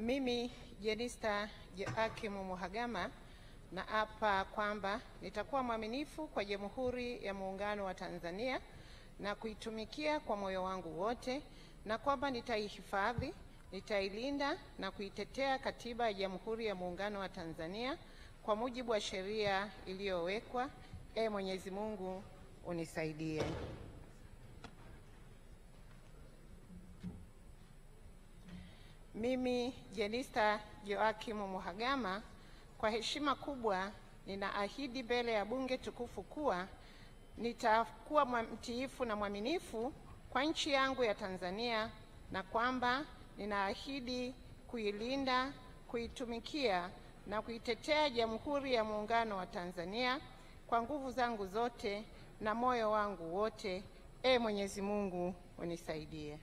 Mimi Jenista Joakim Mhagama naapa kwamba nitakuwa mwaminifu kwa Jamhuri ya Muungano wa Tanzania na kuitumikia kwa moyo wangu wote na kwamba nitaihifadhi, nitailinda na kuitetea Katiba ya Jamhuri ya Muungano wa Tanzania kwa mujibu wa sheria iliyowekwa. Ee Mwenyezi Mungu unisaidie. Mimi Jenista Joakimu Mhagama kwa heshima kubwa ninaahidi mbele ya Bunge tukufu kuwa nitakuwa mtiifu na mwaminifu kwa nchi yangu ya Tanzania na kwamba ninaahidi kuilinda, kuitumikia na kuitetea Jamhuri ya Muungano wa Tanzania kwa nguvu zangu zote na moyo wangu wote. Ee Mwenyezi Mungu unisaidie.